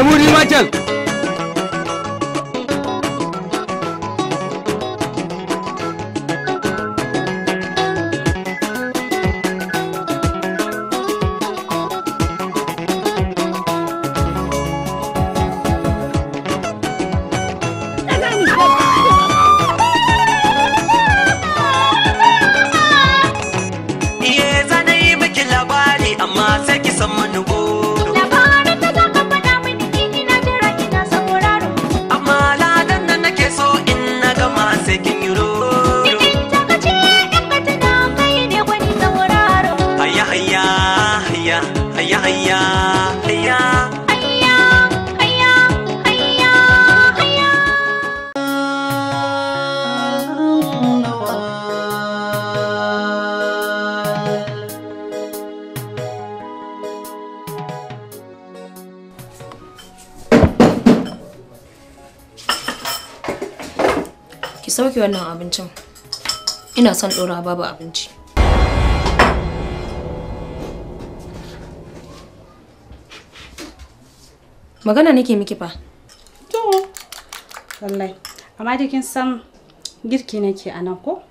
Lemuri Michael. son ɗora babu abinci. Magana nake miki fa. To, wallahi. Amma dai kin san girki nake a nan ko?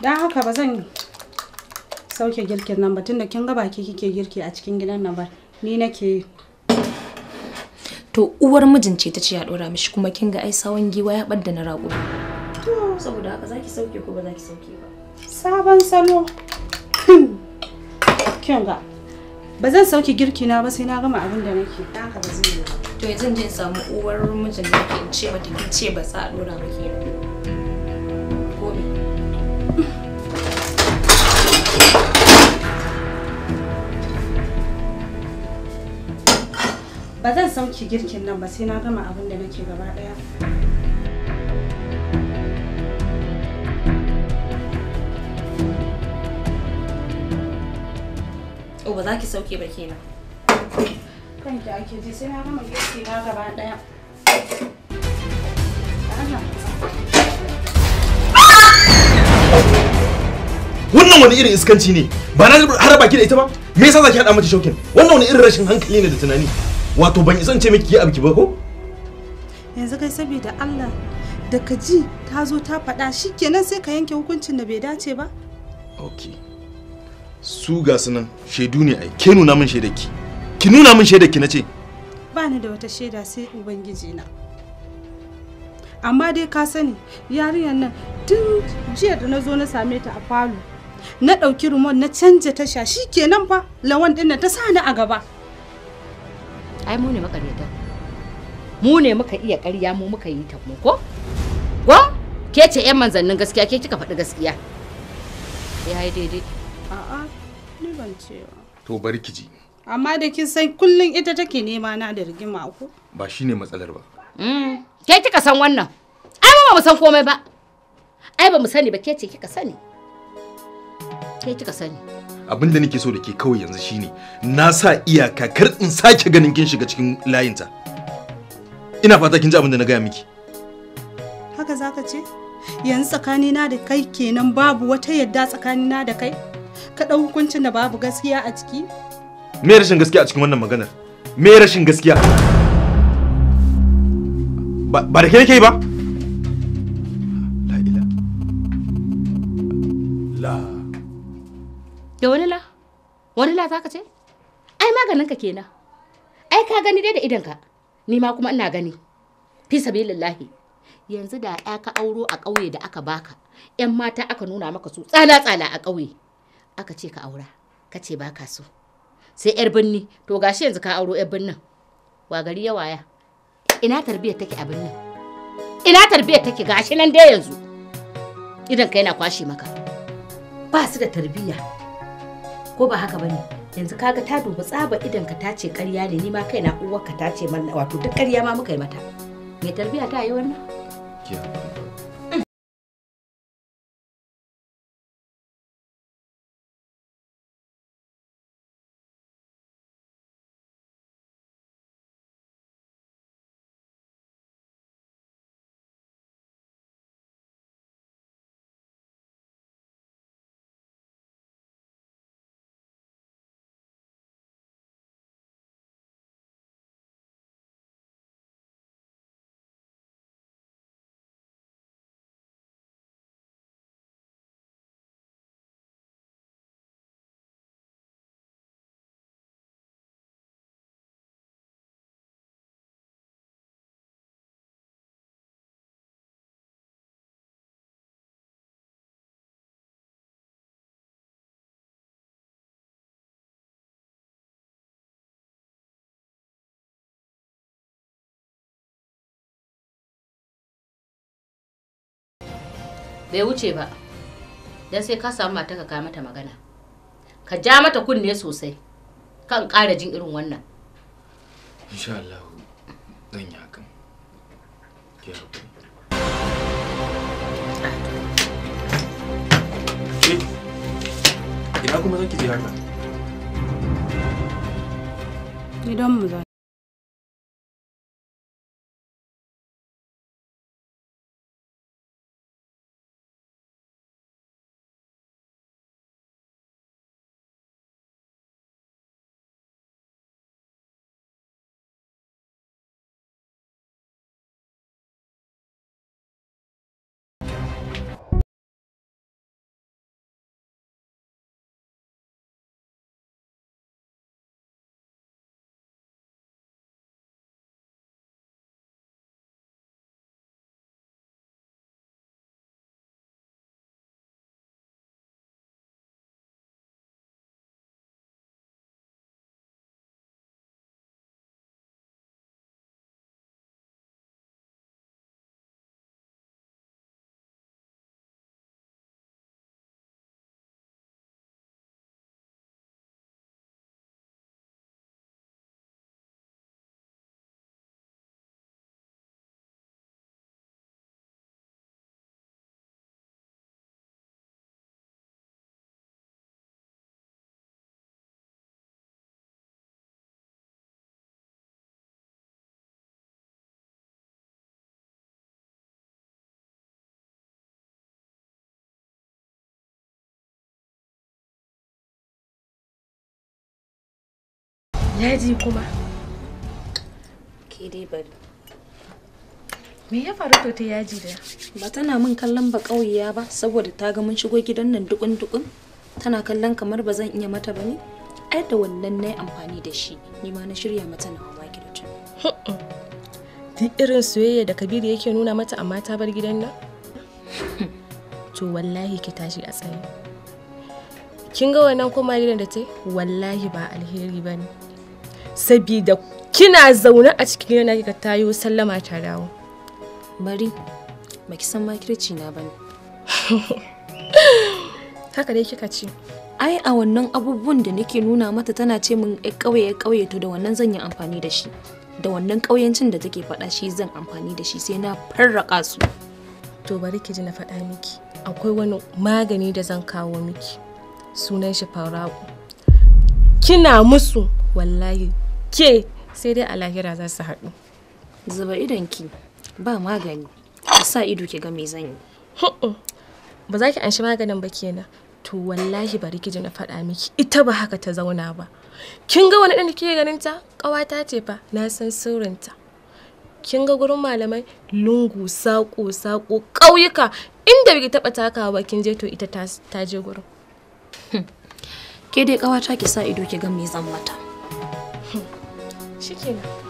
Don haka ba zan sauke girkin nan ba tunda kin ga baki kike girki a cikin gidan nan ba. Ni nake To uwar mijin ce ta ce ya dora mishi kuma kin ga ai sawan giwa ya ɓadda na raƙo. to saboda haka zaki sauke ko ba zaki sauke ba sabon salo kin ga ba zan sauke girki na ba sai na gama abin da nake haka ba zai yi to yanzu je samu uwar mijin da ke ce mata kin ce ba sa dora ba ke ba zan sauke girkin nan ba sai na gama abin da nake gaba daya ba za ki sauke ba kenan ake ji sai na gama girki na gaba daya wannan wani irin iskanci ne ba na har baki da ita ba me yasa zaki hada mata shokin wannan wani irin rashin hankali ne da tunani wato ban isance ce miki yi abu ba ko yanzu kai saboda Allah da ka ji ta zo ta faɗa shikenan sai ka yanke hukuncin da bai dace ba okay su ga su nan shaidu ne ai ke nuna min shaidaki ki nuna min shaidaki na ce ba ni da wata shaida sai ubangiji na amma dai ka sani yarinyar nan tun jiya da na zo na same ta a falo na ɗauki rumon na canja tasha shi kenan fa lawan ɗin ta sa ni a gaba ai mu ne makaryata mu ne muka iya ƙarya mu muka yi ta mu ko ko ke ce 'yan manzannin gaskiya ke kika faɗi gaskiya ya yi daidai A'a, ni ban ce ba. To bari ki ji. Amma da kin san kullum ita take nema na da rigima ko? Ba shine matsalar ba. Mm, ke kika san wannan? Ai ba mu san komai ba. Ai ba mu sani ba ke ce kika sani. Ke kika sani. Abin da nake so da ke kawai yanzu shine na sa iyaka kar in sake ganin kin shiga cikin layinta. Ina fata kin ji abin da na gaya miki. Haka zaka ce? Yanzu tsakanina da kai kenan babu wata yadda tsakanina da kai? ka hukuncin da babu gaskiya a ciki? Me rashin gaskiya a cikin wannan maganar? Me rashin gaskiya? Ba da ke nake ba? La ila. La. Da wani la? Wani la zaka ce? Ai maganin ka kenan. Ai ka gani dai da ka Ni ma kuma ina gani. Fi sabilillahi. Yanzu da ya ka auro a ƙauye da aka baka. 'Yan mata aka nuna maka su tsala-tsala a ƙauye. aka ce ka aura ka ce ba ka so sai yar birni to gashi yanzu ka auro yar birnin wa gari ya waya ina tarbiyyar take a birnin ina tarbiyyar take gashi nan dai yanzu idan ka yana kwashe maka ba su da tarbiyya ko ba haka bane yanzu kaga ta dubi tsaba idan ka tace ƙarya ne ni ma kaina uwar ka tace mallaka wato duk ƙarya ma muka yi mata me tarbiyya ta yi wannan bai wuce ba dan sai ka samu mata ka mata magana ka ja mata kunne sosai kan ƙara jin irin wannan insha Allah zan yi hakan ke hakuri ina kuma zaki je haka gidan mu Yaji kuma. Ke dai bari. Me ya faru to ta yaji da? Ba tana min kallon ba ƙauyiya ba saboda ta ga mun shigo gidan nan dukun dukun. Tana kallon kamar ba zan iya mata ba ne? Ai da wannan nayi amfani da shi, ni ma na shirya mata na hawa ta. Duk irin soyayya da Kabiru yake nuna mata amma ta bar gidan nan? To wallahi ki tashi a tsaye. Kin ga wannan koma gidan da ta wallahi ba alheri ba ne. sabida kina zaune a cikin yana kika tayo sallama ta dawo bari baki san makirci na bane haka dai kika ce ai a wannan abubuwan da nake nuna mata tana ce min ya kauye ya ƙauye to da wannan zan yi amfani da shi da wannan ƙauyancin da take faɗa shi zan amfani da shi sai na farraka su to bari ki ji na faɗa miki akwai wani magani da zan kawo miki sunan shi farago kina musu wallahi ke sai dai a lahira za su haɗu zuba idonki ba magani a sa ido ki ga me zan yi ba za ki anshi maganin ba kenan to wallahi bari ki ji na faɗa miki ita ba haka ta zauna ba kin ga wani ɗan da kike ganin ta ƙawata ce fa na san sirrinta kin ga gurin malamai lungu saƙo saƙo ƙauyuka inda bai taɓa takawa ba kin je to ita ta je gurin ke dai ƙawata ki sa ido ki ga me zan mata 谢谢。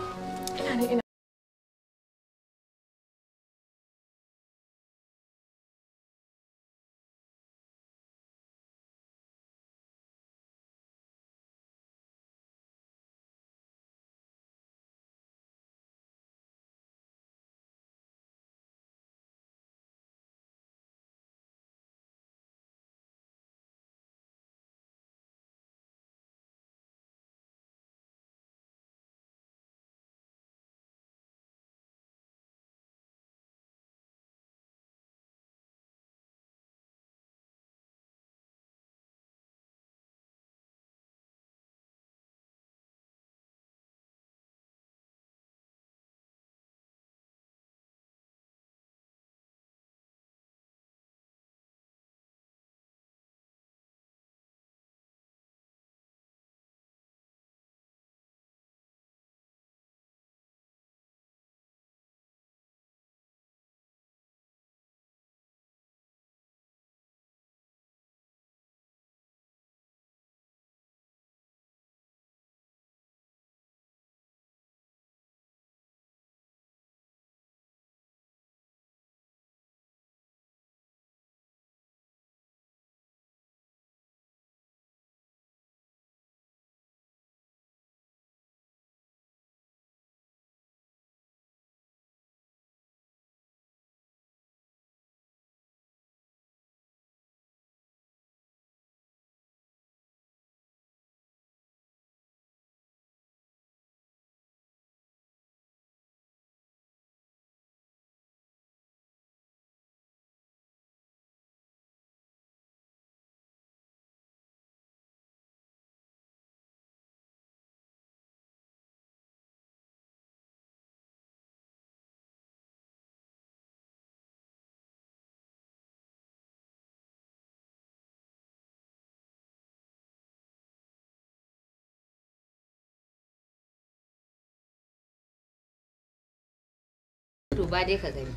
ba dai ka gani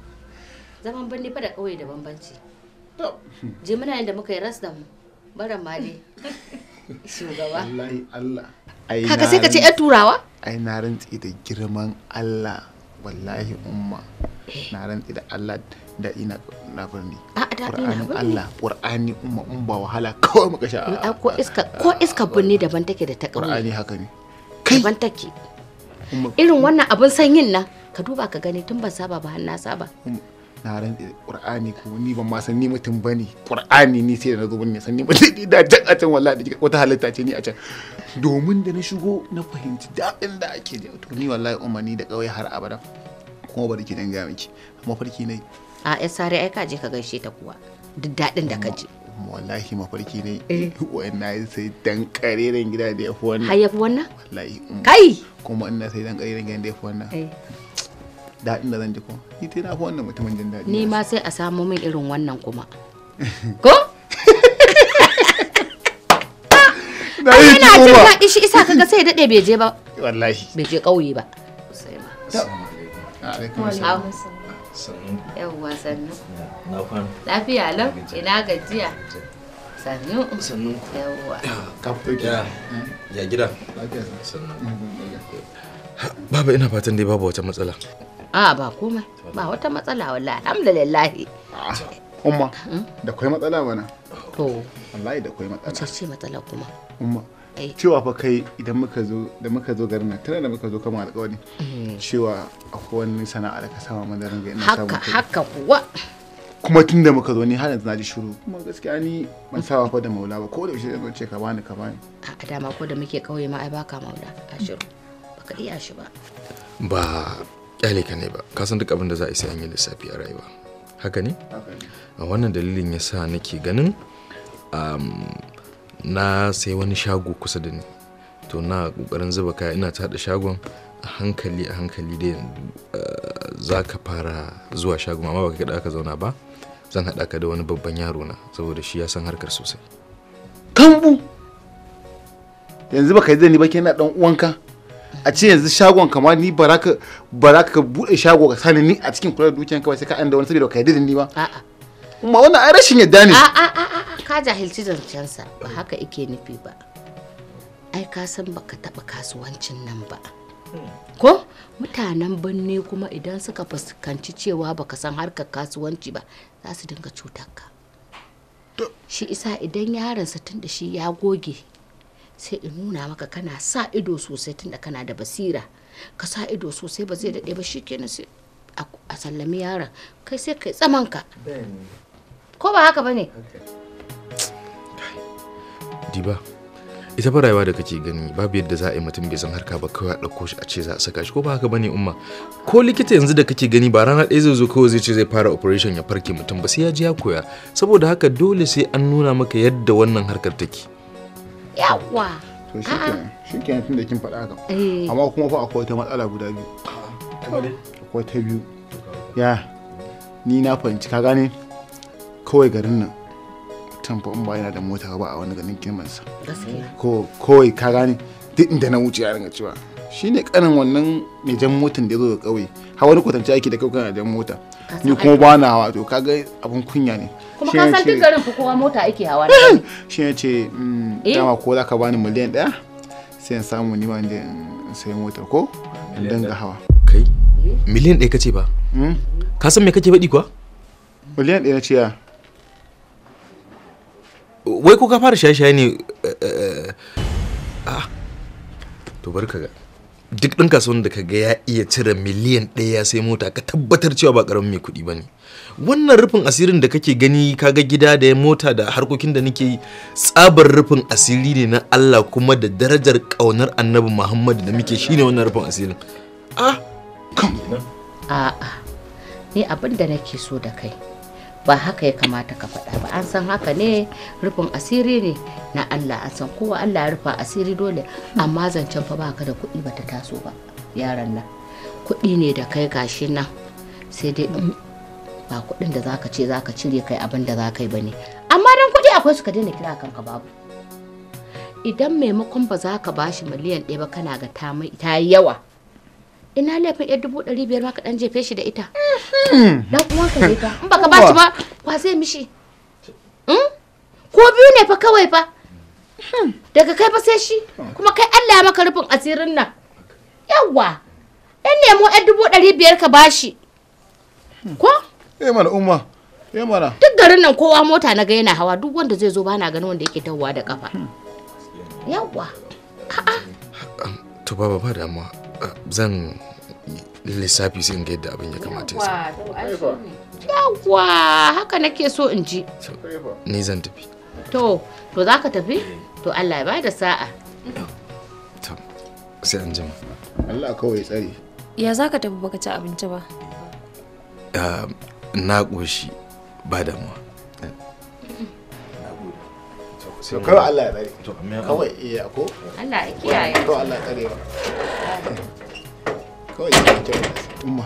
zaman birni fa da kauye da bambanci To. je muna da muka yi ras da mu baran ma dai shugaba wallahi Allah haka sai ka ce yan turawa ai na rantsi da girman Allah wallahi umma na rantsi da Allah da ina na birni Qur'anin Allah Qur'ani umma in ba wahala kawai muka sha ko iska ko iska birni daban take da ta kauye Qur'ani haka ne kai daban take irin wannan abin sanyin nan ka duba ka gani tun ban saba ba har na saba na rantsi qur'ani ko ni ban ma san ni mutum bane qur'ani ni sai da na zo ban san ni mutum da jan a can wallahi da wata halitta ce ni a can domin da na shigo na fahimci daɗin da ake da to ni wallahi umarni da ƙauye har abada kuma bari ki dan ga miki mafarki ne a ya sare ai ka je ka gaishe ta kuwa duk daɗin da ka je wallahi mafarki ne eh. wannan na yi sai dan kareren gida da ya fi wannan har wannan wallahi kai kuma ina sai dan kareren gida da ya fi wannan eh. daɗin da zan ji kuma ni ta na fi wannan mutumin jin daɗi ne ma sai a samu min irin wannan kuma ko yi ina jin daɗi shi isa kaga sai daɗe bai je ba wallahi bai je ƙauye ba yawwa sannu lafiya lau ina gajiya sannu sannu yawwa ya eh? gida baba ina fatan dai babu wata matsala a ba komai ba wata matsala wallahi alhamdulillah ah, umma da kai matsala bana to wallahi da kai matsala ce ce matsala kuma umma eh. cewa fa kai idan muka zo da muka zo garin nan tana da muka zo kama alƙawari mm. cewa akwai wani sana'a da ka sama madarin ranga ina samu haka haka kuwa kuma tun da muka zo ni har yanzu na ji shiru kuma gaskiya ni ban sawa fa da maula ba ko da yaushe zan ce ka bani ka bani a dama ko da muke kauye ma ai baka maula a shiru baka iya shi ba ba kyale ka ne ba kasan duk abin da za a yi sai lissafi a rayuwa haka ne a wannan dalilin ya sa nake ganin na sai wani shago kusa da ni to na kokarin zuba kaya ina tada shagon a hankali a hankali da eh, za ka fara zuwa shagon amma baka kada ka zauna ba zan haɗa ka da wani babban yaro na saboda shi ya san harkar sosai kambu yanzu baka yi zani ba kenan dan uwanka a ce yanzu shagon kamar ni ba za ka bude shago ka sani ni a cikin kula da dukiyan kawai sai ka an wani saboda ka yarda ni ba kuma wannan ai rashin yadda ne a'a ka jahilci zancensa ba haka ike nufi ba ai ka san baka taba kasuwancin nan ba ko mutanen birni kuma idan suka fuskanci cewa baka san harkar kasuwanci ba za su dinga cutar ka shi isa idan yaron sa tun da shi ya goge sai in nuna maka kana sa ido sosai tunda kana da basira ka sa ido sosai ba zai daɗe ba shikenan sai a sallami yaron kai sai kai tsamanka ko ba haka bane diba ita fa rayuwa da kake gani babu yadda za a yi mutum bai san harka ba kawai a ɗauko shi a ce za a saka shi ko ba haka bane umma ko likita yanzu da kake gani ba rana ɗaya zai zo kawai zai ce zai fara operation ya farke mutum ba sai ya ji ya koya saboda haka dole sai an nuna maka yadda wannan harkar take yawa to shi kenan shi kenan tun da kin faɗa haka eh. amma kuma fa akwai wata matsala guda biyu akwai ta biyu ya ni na fahimci ka gane kawai garin nan tamfa in ba yana da mota ba a wani ganin girmansa kawai ka gane duk inda na wuce ya cewa shi kanin wannan mai jan motan da ya zo da ƙauye hawa ni kwatance aiki da kaukan jan mota ni kuma ba na hawa kaga abin kunya ne kuma ka san duk garin kowa mota ake hawa na shi ya ce mm, eh? dama ko za ka bani miliyan ɗaya sai in samu ni wanda in sayi ko in dinga hawa kai eh? miliyan ɗaya kace ba hmm? ka san me kake faɗi kuwa miliyan ɗaya ce ya wai ko ka fara shaye-shaye ne eh, ah. to bar ka ga duk ɗin kasuwan da ka ga ya iya cire miliyan ɗaya sai mota ka tabbatar cewa ba ƙaramin mai kuɗi ba ne wannan rufin asirin da kake gani kaga gida da ya mota da harkokin da nake yi tsabar rufin asiri ne na Allah kuma da darajar ƙaunar annabi Muhammad da muke shine wannan rufin asirin ah kam a a ni abin da nake so da kai ba haka ya kamata ka faɗa ba an san haka ne rufin asiri ne na Allah an san kowa Allah ya rufa asiri dole amma zancen fa baka da kuɗi bata taso ba yaran nan kuɗi ne da kai gashi nan sai dai ba kuɗin da zaka ce zaka cire kai abin da zaka yi bane amma dan kuɗi akwai su ka daina kira kanka babu idan maimakon ba za ka bashi miliyan ɗaya ba kana ga ta yawa ina laifin yar dubu ɗari biyar ma ka ɗan jefe shi da ita dan uwan ka ne fa in baka bashi ba kwa zai mishi hmm? ko biyu ne fa kawai fa daga kai fa sai shi kuma kai Allah ya maka rufin asirin nan yawa ɗan nemo yar dubu ɗari biyar ka bashi ko eh mana umma eh mana duk garin nan kowa mota na ga yana hawa duk wanda zai zo ba na ganin wanda yake dawowa da kafa hmm. yawa a'a to baba ba damuwa ah, zan lissafi sai in ga yadda abin ya kamata ya yawa haka nake so in ji ni zan tafi to to za ka tafi to Allah ya bada sa'a to sai an jima Allah kawai tsari ya za ka tafi baka ci abinci ba ah, na ƙoshi ba da mu. Eh, kawai Allah ya tsare kawai iya ko Allah ya kiyaye to Allah ya tsare ba kawai ya kiyaye umma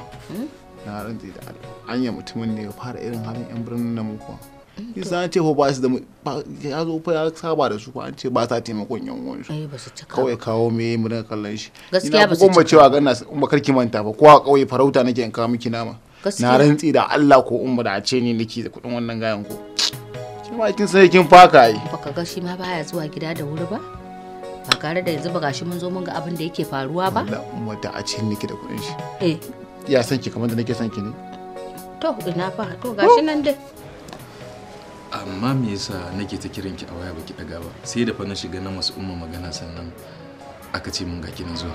na rantsi da Allah anya mutumin ne ya fara irin halin yan birnin nan kuwa Isa an ce ba su da ya zo fa ya saba da su ko an ce ba sa taimakon yan uwan shi Kawai kawo me mu dinga kallon shi. Gaskiya ba su cika. Ina kuma cewa ga ina karki manta ba ko a kauye farauta nake in kawo miki nama. na rantsi da Allah ko umma da a ce ni nake da kudin wannan gayan ko ma kin sai kin faka yi baka ga shi ma baya zuwa gida da wuri ba ba gare da yanzu ba gashi mun zo mun ga abin da yake faruwa ba Allah umma da a ce nake da kudin shi eh ya san ki kamar da nake san ki ne to ina fa to oh. gashi nan dai amma me yasa nake ta kiranki a waya baki daga ba sai da fa na shiga na masu umma magana sannan aka ce mun ga kin zuwa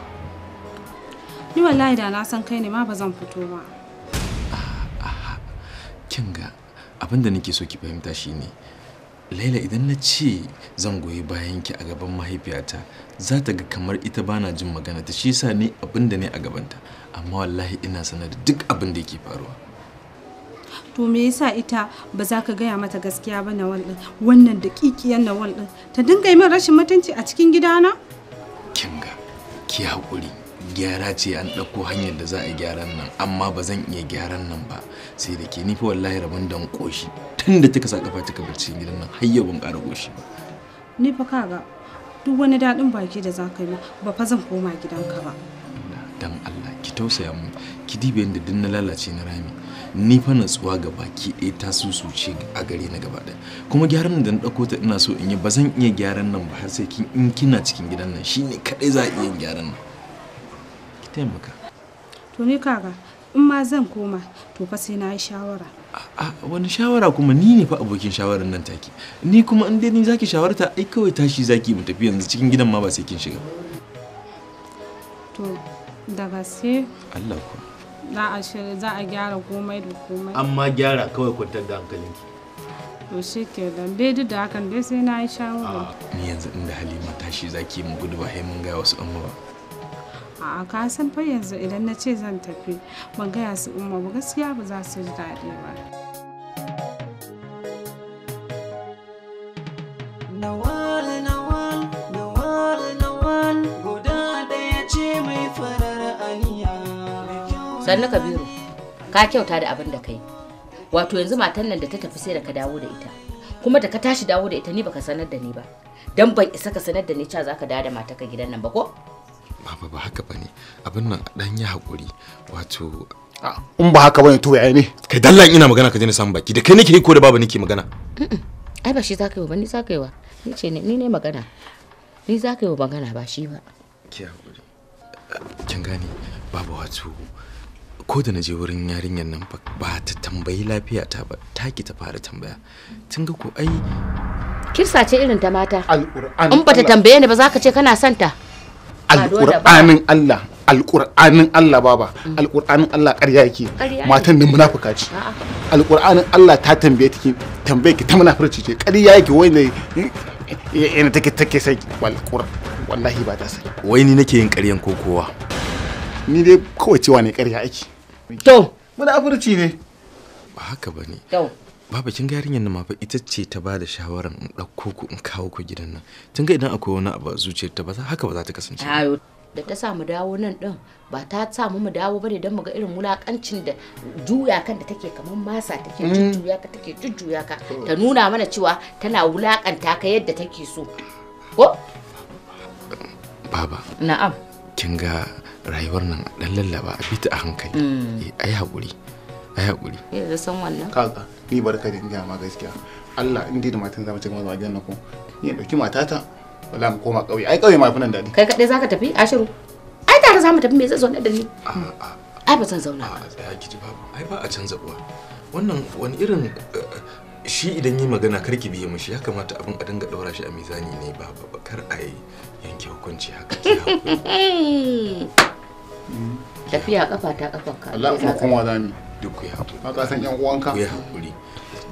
ni wallahi da na san kai ne ma ba zan fito ba kin ga abin da nake so ki fahimta shine Laila idan na ce zan goyi bayan ki a gaban mahaifiyata za ta ga kamar ita bana jin magana ta shi yasa ni abin da ne a gabanta amma wallahi ina sanar da duk abin da yake faruwa to me yasa ita ba za ka gaya mata gaskiya ba na walɗin wannan da kikiyan na walɗin ta dinga yi min rashin mutunci a cikin gidana kinga ki hakuri. gyara ce an ɗauko hanyar da za a gyaran nan amma ba zan iya gyaran nan ba sai da ke ni wallahi rabon dan ƙoshi tun da kika sa kafa kika cikin gidan nan har yau ban ƙara ƙoshi ba ni fa ga duk wani daɗin baki da za ka yi ba fa zan koma gidanka ba dan Allah ki tausaya mu ki dibe inda duk na lalace na rami ni fa natsuwa ga baki ɗaya ta ce a gare na gaba ɗaya kuma gyaran da na ɗauko ta ina so in yi ba zan iya gyaran nan ba har sai kin in kina cikin gidan nan shine kaɗai za a iya gyaran nan taimaka to ni kaga in ma zan koma to fa sai na yi shawara a wani shawara kuma ni ne fa abokin shawarar nan take ni kuma in dai ni zaki shawarta ai kawai tashi zaki mu tafi yanzu cikin gidan ma ba sai kin shiga to da gaske Allah ku za a za a gyara komai da komai amma gyara kawai kwantar da hankalinki to shi ke da bai da hakan dai sai na yi shawara ni yanzu inda halima tashi zaki mu gudu ba sai mun ga wasu amma ba a'a ka san fa yanzu idan na ce zan tafi ban gaya su umma ba gaskiya ba za su ji daɗi ba sannu kabiru ka kyauta da abin da kai wato yanzu matan nan da ta tafi sai da ka dawo da ita kuma da ka tashi dawo da ita ni baka sanar da ni ba dan ban isa ka sanar da ni cewa zaka dawo da ka gidan nan ba ko baba ba haka bane abin nan dan ya hakuri wato in ba haka bane to yaya ne kai dallan ina magana ka je na samu baki da kai nake ko da baba nake magana ai ba shi zaka yi ba ni zaka yi wa ni ce ni ne magana ni zaka yi wa magana ba shi ba ki hakuri kin gane baba wato ko da na je wurin yarinyar nan ba ta tambayi lafiya ta ba ta ki ta fara tambaya tun ga ko ai kirsa ce irin ta mata alquran in ba ta tambaye ni ba zaka ce kana santa alƙur'anin Allah alƙur'anin Allah baba mm. alƙur'anin Allah ƙarya yake matan nan munafuka ce alƙur'anin Allah ta tambaye take tambaye ki ta munafurci ce ƙarya yake wai ne yana take take sai walƙur wallahi ba ta sai wai ni nake yin ƙaryan ko kowa ni dai kawai cewa ne ƙarya yake to munafurci ne ba haka bane Baba kin ga yarinyar nan ma ita ce ta bada shawaran in ɗauko ku in kawo ku gidan nan. Tun ga idan akwai wani abu a ta ba haka ba za ta kasance. Ayo da ta mu dawo nan din ba ta samu mu dawo bane dan mu ga irin mulakancin da juya kan da take kamar masa take mm. jujjuya ka take jujjuya ka ta nuna mana cewa tana wulakanta ka yadda take so. Ko? Baba. Na'am. Kin ga rayuwar nan dan lallaba a bita a hankali. Ai hakuri. Ai hakuri. Eh da eh, san wannan. Kaga. ni barka da dinga ma gaskiya Allah in da matan zama cikin wajen na ko ni ya dauki matata wala mu koma kauye ai kauye ma fi nan daɗi kai kadai zaka tafi ashiru ai tare zamu tafi me zai zo da ni ai ba zan zauna ba tsaya kiji babu ai ba a canza uwa wannan wani irin eh, shi idan yi magana kar ki biye mishi ya kamata abin a dinga daura shi a mizani ne ba ba kar a yanke hukunci haka tafiya kafa ta kafanka Allah kuma kuma zani duk ku yi haƙuri san yan uwanka ku yi haƙuri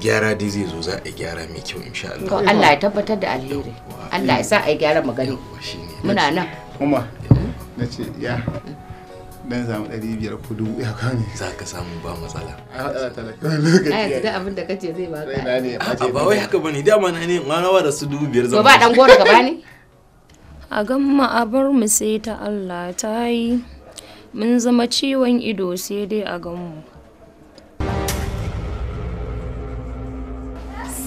gyara dai zai zo za a gyara mai kyau insha Allah Allah ya tabbatar da alheri Allah ya sa a gyara magani muna nan kuma nace ya dan samu ɗari biyar ko dubu ya kame za ka samu ba matsala a haɗa talaka a yanzu abin da kace zai baka a ba wai haka bane dama na ne ma rawa da su dubu biyar zama ba dan gora gaba ne a gamma a bar mu sai ta Allah ta yi mun zama ciwon ido sai dai a ganmu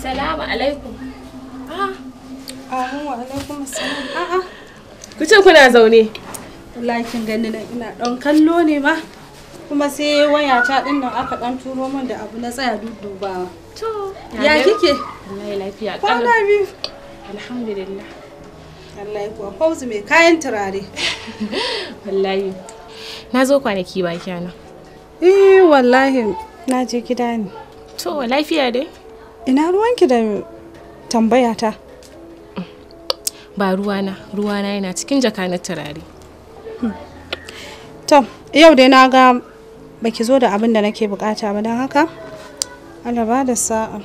Salamu alaikum. Ah. Ahun wa alaikum salam. Ah, ah. Ku ce kuna zaune. Lakin gani na ina ɗan kallo ne ma. Kuma sai waya ta ɗin nan aka ɗan turo min da abu na tsaya dudubawa. To. Ya kike? Wallahi lafiya. Kwana biyu. Alhamdulillah. Wallahi kuwa Fauzi mai kayan turare. Wallahi. Na zo kwanaki ba kyana. Eh wallahi na je gida ne. To lafiya dai. ina ruwanki da tambaya ta ba ruwana ruwana yana cikin jaka na turare hmm. to yau dai na ga baki zo da abin da nake bukata ba don haka alaba da sa'a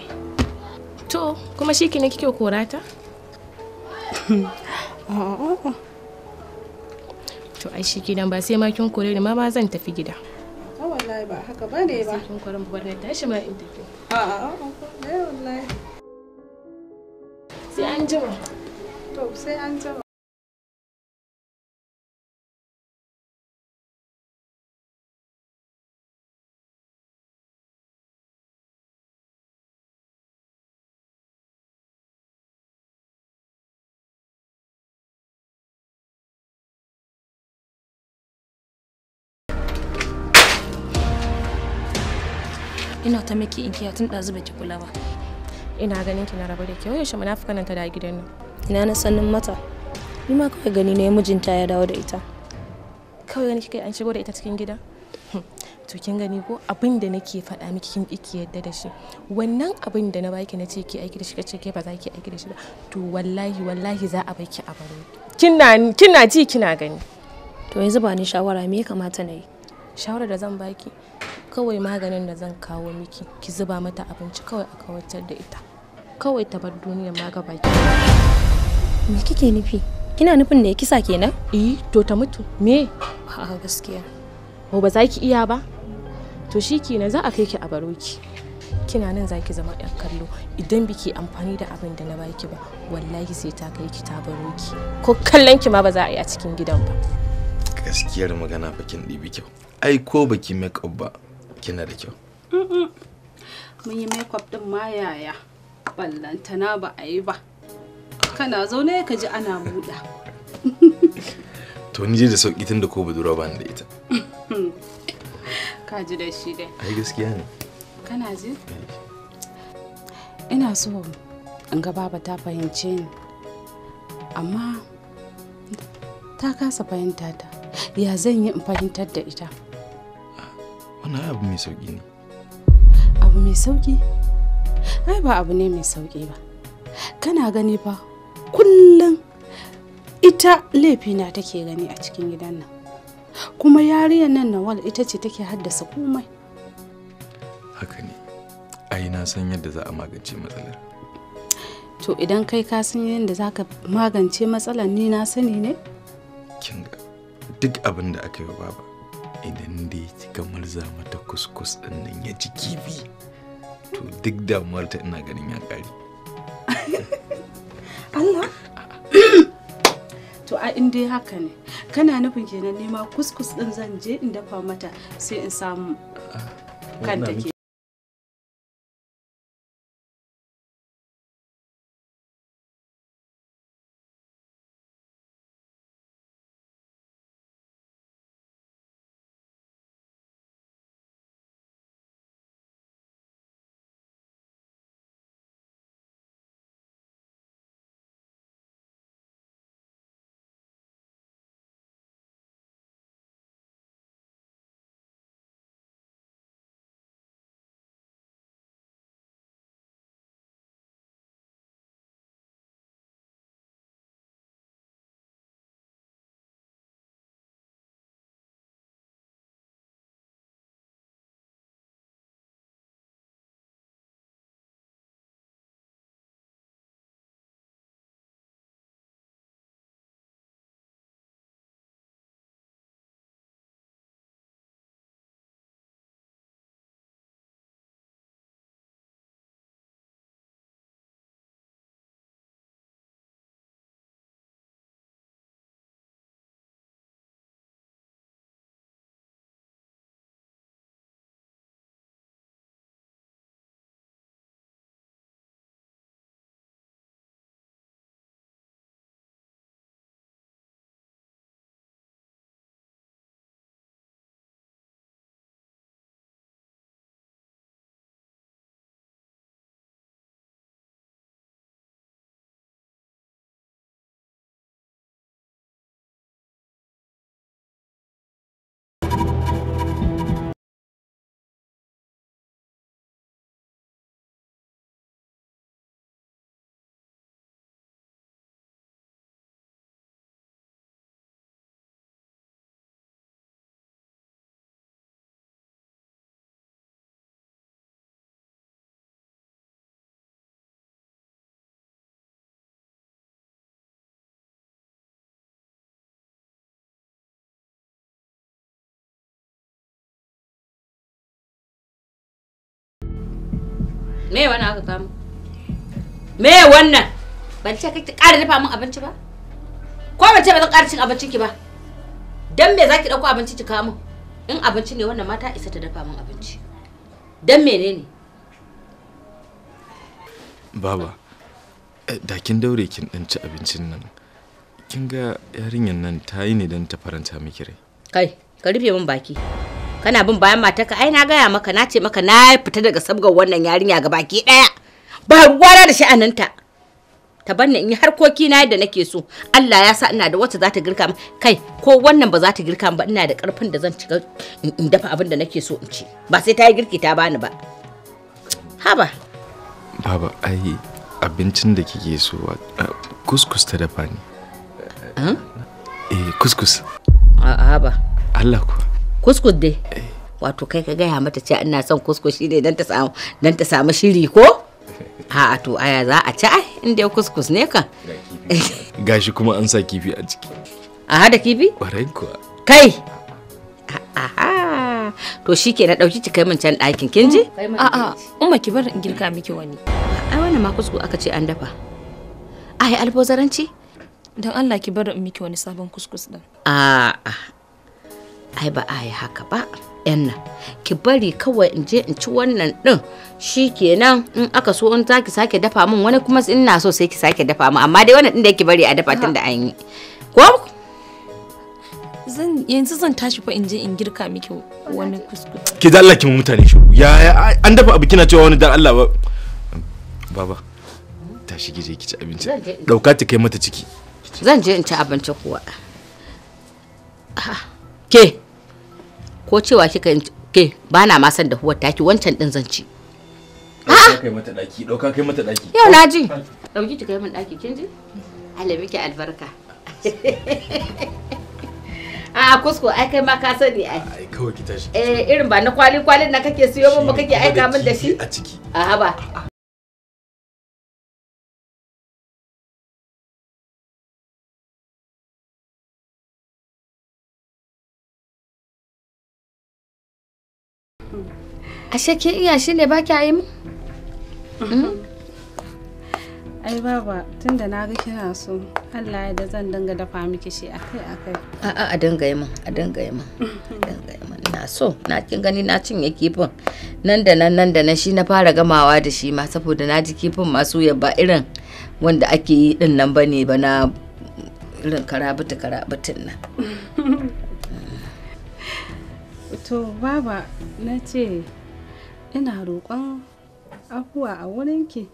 to kuma shi ne kike korata hmm. to ai shi gidan ba sai ma kin kore ni ma ba zan tafi gida wallahi ba haka ba ne tashi ma in a wallahi sai an jima to sai an jima ina ta miki in kiya tun ɗazu baki kula ba ina ganin kina na rabu da ke yaushe munafukan nan ta da gidan nan ina na sanin mata ni ma kawai gani ne mijinta ya dawo da ita kawai gani kika an shigo da ita cikin gida hmm. to kin gani ko abin da nake faɗa miki kin ki yadda da shi wannan abin da na baki na ce ki aiki da shi kace ke ba za ki aiki da shi ba to wallahi wallahi za a baki a baro kina na ji kina gani to yanzu ba ni shawara me ya kamata na yi shawarar da zan baki kawai maganin da zan kawo miki ki zuba mata abinci kawai a kawatar da ita kawai ta bar duniyar ma gaba ki me kike nufi kina nufin ne kisa kenan eh to ta mutu me a gaskiya ba ba za ki iya ba to shi kina za a kai ki a baro ki kina nan za ki zama yan kallo idan biki amfani da abin da na baki ba wallahi sai ta kai ki ta baro ki ko kallon ki ma ba za a yi a cikin gidan ba gaskiyar magana ba kin ɗibi kyau ai ko baki make up ba kina da kyau mun yi make up din ma yaya ballantana ba a yi ba kana zaune ka ji ana buɗa to ni je da sauki tun da ko budura ba da ita ka ji da shi dai ai gaskiya ne kana ji ina so in ga baba ta fahimce ni amma ta kasa fahimta ta ya zan yi in fahimtar da ita wannan abu mai sauki ne abu mai sauki ai ba abu ne mai sauki ba kana gani ba kullum ita na take gani a cikin gidan nan kuma yariyar nan nawal ita ce take haddasa komai haka ne ai na san yadda za a magance matsalar to idan kai ka san yadda za ka magance matsalar ni na sani ne kinga duk abin da aka yi baba idan dai kika murza mata kuskus din nan ya ji kifi to duk damuwar ta ina ganin ya kare Allah to a in dai haka ne kana nufin kenan nema kuskus din zan je in dafa mata sai in samu ah, kan take me wannan aka kama me wannan ban ce kai ƙara dafa min abinci ba ko ban ce ba zan ƙara cin abincin ki ba dan me zaki dauko abinci ki kawo min in abinci ne wannan mata isa ta dafa min abinci dan menene baba eh, da kin daure kin dan ci abincin nan kin ga yarinyar nan ta yi ne dan ta faranta miki rai kai ka rufe min baki kana bin bayan matarka ai na gaya maka na ce maka na fita daga sabgar wannan yarinya ga baki daya ba ruwana da sha'aninta ta banna in yi harkoki na yadda nake so Allah ya sa ina da wacce za ta girka kai ko wannan ba za ta girka ba ina da karfin da zan cika in dafa abin da nake so in ci ba sai ta yi girki ta bani ba haba baba ai abincin da kike so kuskus ta dafa ni eh kuskus a haba Allah kuwa kuskus dai wato kai ka gaya mata cewa ina son kuskus shi ne don ta samu shiri ko a to aya za a ci ai in dai kuskus ne kan gashi kuma an sa kifi a ciki a hada kifi ƙwarai kuwa kai aha to shi ke na ɗauki ki kai min can ɗakin kin ji a'a umma ki bar in girka miki wani ai wannan ma kuskus aka ce an dafa ai albozaranci don Allah ki bar in miki wani sabon kuskus din a'a ai ba a yi haka ba yan nan ki bari kawai in je in ci wannan din shi kenan in aka so in zaki sake dafa min wani kuma in na so sai ki sake dafa min amma dai wannan din da yake bari a dafa tun da an yi ko zan yanzu zan tashi fa in je in girka miki wani kuskure ki dalla ki mutane shi ya an dafa abu kina cewa wani dan Allah ba baba tashi ki je ki ci abinci dauka ta kai mata ciki zan je in ci abinci kuwa ke ko cewa kika ke ba na ma san da huwar taki wancan din zan ci ah! kai mata daki dauka kai mata daki yau na ji dauki ki kai min daki kin ji Allah miki albarka a ah, kusko ai kai ma ka sani ai ai kawai ki tashi eh irin ba na kwali kwalin na kake siyo mun ba kake aika min da shi a ciki a haba Ashe ke iya shi ne baki a yi mu? Hmm? Ai baba tun da na ga kina so Allah ya da zan dinga dafa miki shi akai akai. A'a a dinga yi min a dinga yi min a dinga yi min na so na kin gani na cinye kifin nan da nan nan da nan shi na fara gamawa da shi ma saboda na ji kifin masu yabba irin wanda ake yi din nan bane ba na irin karabuta karabutin nan. To baba na ce ina roƙon afuwa a wurinki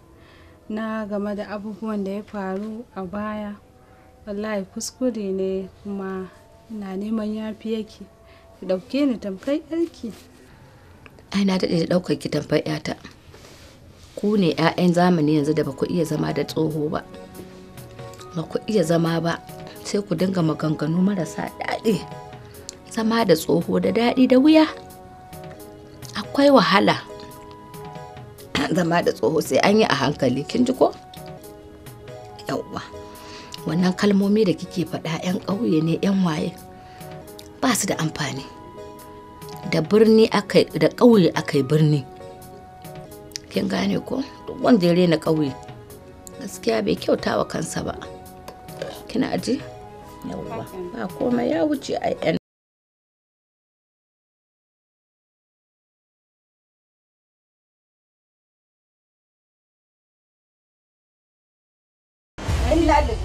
na game da abubuwan da ya faru a baya wallahi kuskure ne kuma ina neman yafi yake ki ɗauke ni tamkar yarki ai na daɗe da ɗaukar ki tamfai yata ku ne 'ya'yan zamani yanzu da ba ku iya zama da tsoho ba ba ku iya zama ba sai ku dinga maganganu marasa daɗi zama da tsoho da daɗi da wuya akwai wahala zama da tsoho sai an yi a hankali kin ji ko yawwa wannan kalmomi da kike faɗa 'yan ƙauye ne 'yan waye ba su da amfani da birni aka da ƙauye aka birni kin gane ko duk wanda ya rena ƙauye gaskiya bai kyauta wa kansa ba kina ji yawwa ba komai ya wuce ai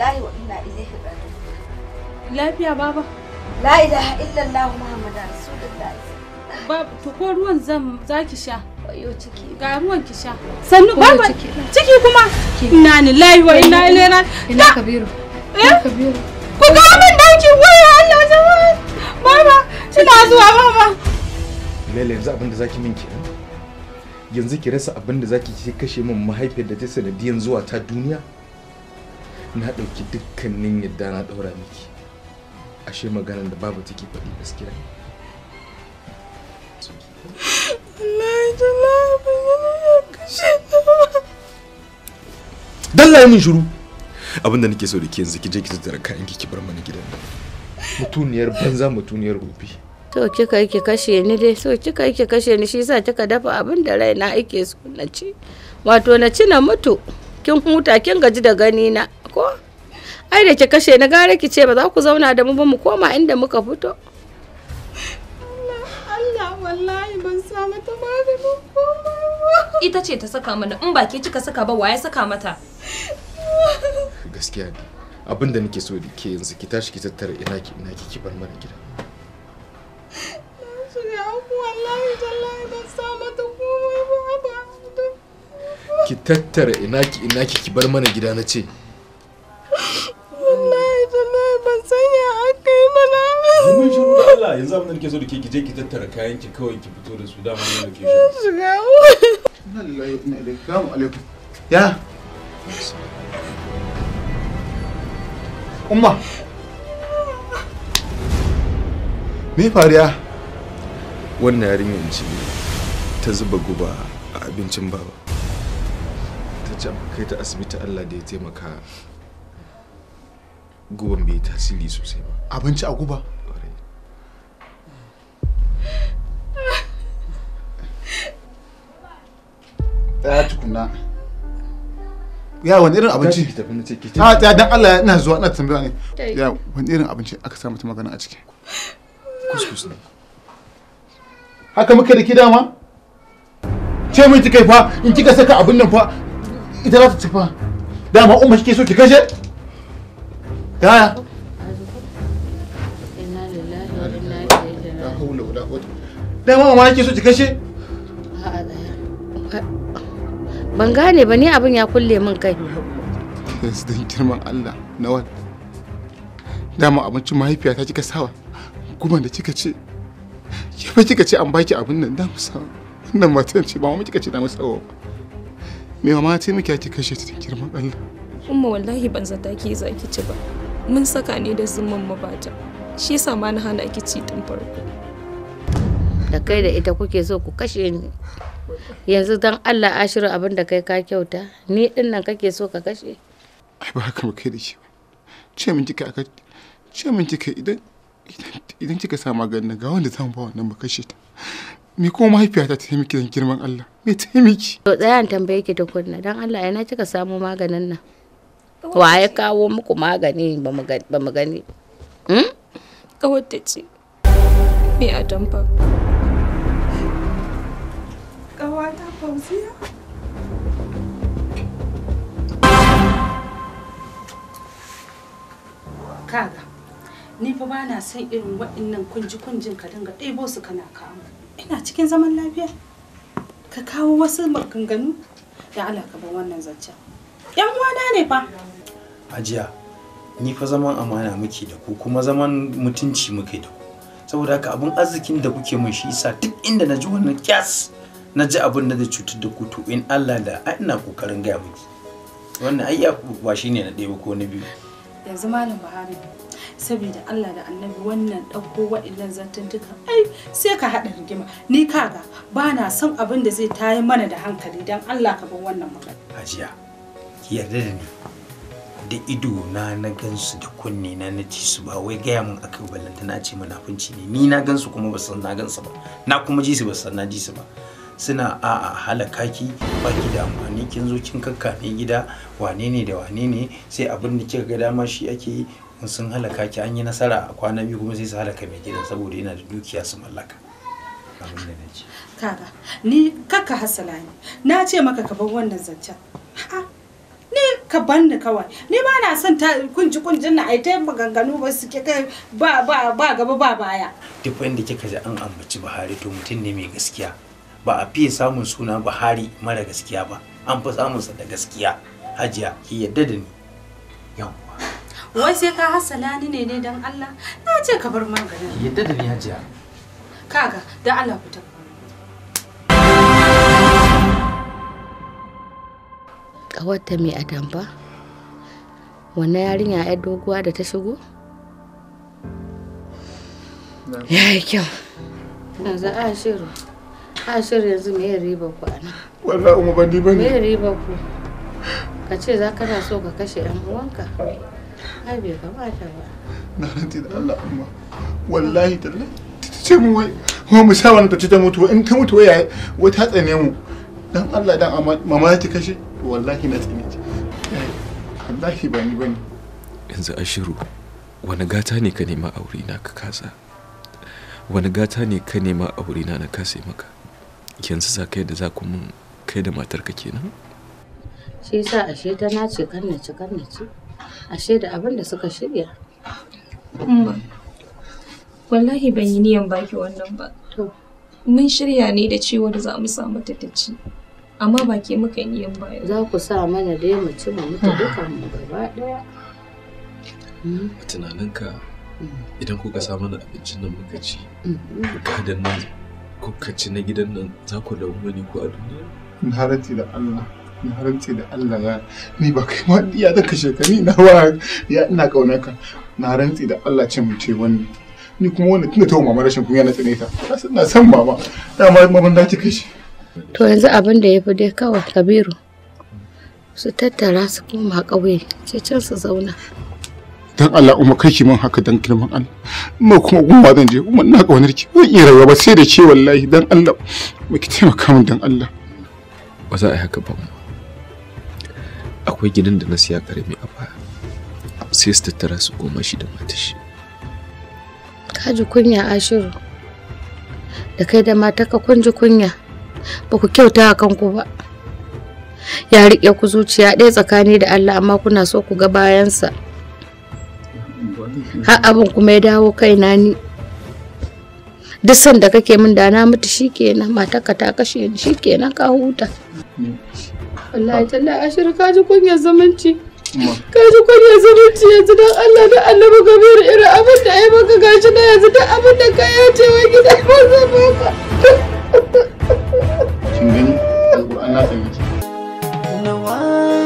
lillahi wa inna ilaihi raji'un lafiya baba la ilaha illallah muhammadar rasulullah baba to ko ruwan zan zaki sha wayo ciki ga ruwan ki sha sannu baba ciki kuma inna lillahi wa ina ilaihi raji'un ina kabiru eh? ina kabiru ku ga min dauki wai Allah zama baba kina zuwa baba lele yanzu abin da zaki min kenan yanzu ki rasa abin da zaki kashe min mahaifiyar da ta sanadiyan zuwa ta duniya na ɗauki dukkanin yadda na ɗaura miki ashe maganar da babu take faɗi gaskiya Dalla mun shiru abinda nake so da ke yanzu kije ki tattara kayan ki bar mana gidan nan mutuniyar banza mutuniyar gobe to kika yake kashe ni dai so kika yake kashe ni shi yasa kika dafa abin da raina ake so na ci wato na ci na mutu kin huta kin gaji da gani na ko ai da ke kashe na gara ki ce ba za ku zauna da mu ba mu koma inda muka fito Allah wallahi ban sa mata maganin komai ba ita ce ta saka mana in ba ke cika saka ba waye saka mata gaskiya ne abinda nake so da ke yanzu ki tashi ki tattara ina ki ina ki bar mana gida wallahi tallahi ban sa mata ba ki tattara ina ki ina ki bar mana gida na ce wallahi tallahi ban san ya aka yi mana mun shiru da Allah yanzu abin da nake so da ke ki je ki tattara kayan ki kawai ki fito da su dama ne nake shiga inna lillahi alaikum ya umma me fariya wannan yarinyar ce ta zuba guba a abincin baba ta ce kai ta asibiti Allah da ya taimaka guban bai tasiri sosai ba abinci a guba ɗaya tukuna ya wani irin abinci ta ta ah, dan Allah ina zuwa na tambaya ne ya wani irin abinci aka samu ta magana a ciki kuskus ne haka muke da ki dama ce mai kai fa in kika saka abin nan fa ita za ta ci fa dama umma kike so ki kashe yaya dai mama ma nake so ki kashe ban gane ba ni abin ya kulle min kai yanzu don girman Allah nawal dama abincin mahaifiya ta kika sawa kuma da kika ce ke fa kika ce an baki abin nan da musa wannan matan ce ba mu kika ce da musa ba me mama ce miki ake kashe ta girman Allah umma wallahi ban zata ki zaki ci ba mun saka ne da zuman mabata shi yasa ma na hana ki ci tun farko da kai da ita kuke so ku kashe ni yanzu dan Allah ashiru abin da kai ka kyauta ni din nan kake so ka kashe ai ba haka kai da shi ce min kika ka ce min kika idan idan kika sa maganin ga wanda zan ba wannan ba kashe ta me ko mahaifiyata ta miki dan girman Allah me ta miki to tsayan tambaye ki tukunna dan Allah ina kika samu maganin nan wa ya kawo muku magani ba mu gani kawata hmm? me a tamfa fauziya kaga ni fa bana son irin waɗannan kunji kunjin ka dinga ɗebo su kana kawo ina cikin zaman lafiya ka kawo wasu maganganu da alaka ba wannan zancen yan uwana ne fa ajiya ni fa zaman amana muke da ku kuma zaman mutunci muke da ku saboda haka abin arzikin da kuke mun shi isa duk inda na ji wannan kyas na ji abin da zai cutar da ku to in Allah da ina kokarin gaya miki wannan ayya ba ba shine na ɗaya ko na biyu yanzu malam Buhari saboda Allah da annabi wannan ɗauko waɗannan zantuntuka ai sai ka haɗa rigima ni kaga ba na son abin da zai tayi mana da hankali dan Allah ka bar wannan magana hajiya yarda da ni da ido na na gansu da kunne na na ci su ba wai gaya mun aka ballanta na ce munafunci ne ni na gansu kuma ba san na gansu ba na kuma ji su ba san na ji su ba suna a halaka ki ba ki da amfani kin zo kin gida wane ne da wane ne sai abin da kika ga dama shi ake yi sun halaka ki an yi nasara a kwana biyu kuma sai su halaka mai gidan saboda yana da dukiya su mallaka ni kakka hasala ne na ce maka ka bar wannan zancen ni ka banni kawai ni ba na son ta kunji kunjin na ai ta maganganu ba su kai ba ba ba gaba ba baya duk wanda kika ji an ambaci Buhari to mutum ne mai gaskiya ba a fiye samun suna Buhari mara gaskiya ba an fi samun sa da gaskiya Hajiya ki yadda da ni yawwa wai sai ka hasala ni ne ne dan Allah na ce ka bar maganin yadda da ni Hajiya kaga dan Allah ku tabbata ƙawarta mai atamfa wannan yarinya ya doguwa da ta shigo ya yi kyau yanzu a shiru a shiru yanzu mai riba ku a nan umu bandi ban ne mai riba ku ka ce za ka na so ka kashe yan uwanka ai bai kamata ba na ranti da allah amma wallahi tallahi ta ce mu wai kuma mu sa wani ta ce ta mutu in ta mutu wai ta tsane mu dan allah dan amma mama ta kashe wallahi na tsini ce wallahi ba ni bane yanzu ashiru wani gata ne ka nema aure na ka kasa wani gata ne ka nema aure na na kasa maka yanzu za kai da za ku mun kai da matarka kenan shi yasa ashe ta nace kan nace ashe da abin da suka shirya mm. wallahi ban yi niyan baki wannan ba mun shirya ne da cewa da za mu samu ta ta ci amma ba ke muka iya baya za ku sa mana dai mu ci mu mutu hmm. duka mu gaba daya hmm? a tunaninka hmm. idan kuka sa mana abincin nan muka ci gadon nan kuka ci na gidan nan za ku da wani ko a duniya na haranci da Allah na haranci da Allah ya ni ba kai ma iya da kashe ka na ba ya ina kauna ka na rantsi da Allah ce mu ce wannan ni kuma wani tunda ta mama rashin kunya na tsineta. ta na san mama dama mama da ta kashe to yanzu abin da ya fi dai kawai kabiru su tattara su koma ƙauye ce can su zauna dan Allah umma kai ki min haka dan kirman Allah ma kuma ba zan je umma ina kaunar ki zan iya rayuwa ba sai da ke wallahi dan Allah mu ki taimaka min dan Allah ba za a yi haka ba akwai gidan da na siya karami a baya sai su tattara su koma shi da matashi ka ji kunya ashiru da kai da ka kun ji kunya ba ku kyauta a kanku ba ya riƙe ku zuciya ɗaya tsakani da Allah amma kuna so ku ga bayansa har abin kuma ya dawo kaina ni duk sanda kake min da na mutu shikenan matarka ta kashe ni shikenan ka huta wallahi talla ashir ka ji kunyar zamanci ka ji kunyar zamanci yanzu dan Allah da annabi gabir irin abin da ai maka gashi na yanzu don abin da ka yace wa gida ba zama ba. kin gani alƙur'an na tsaye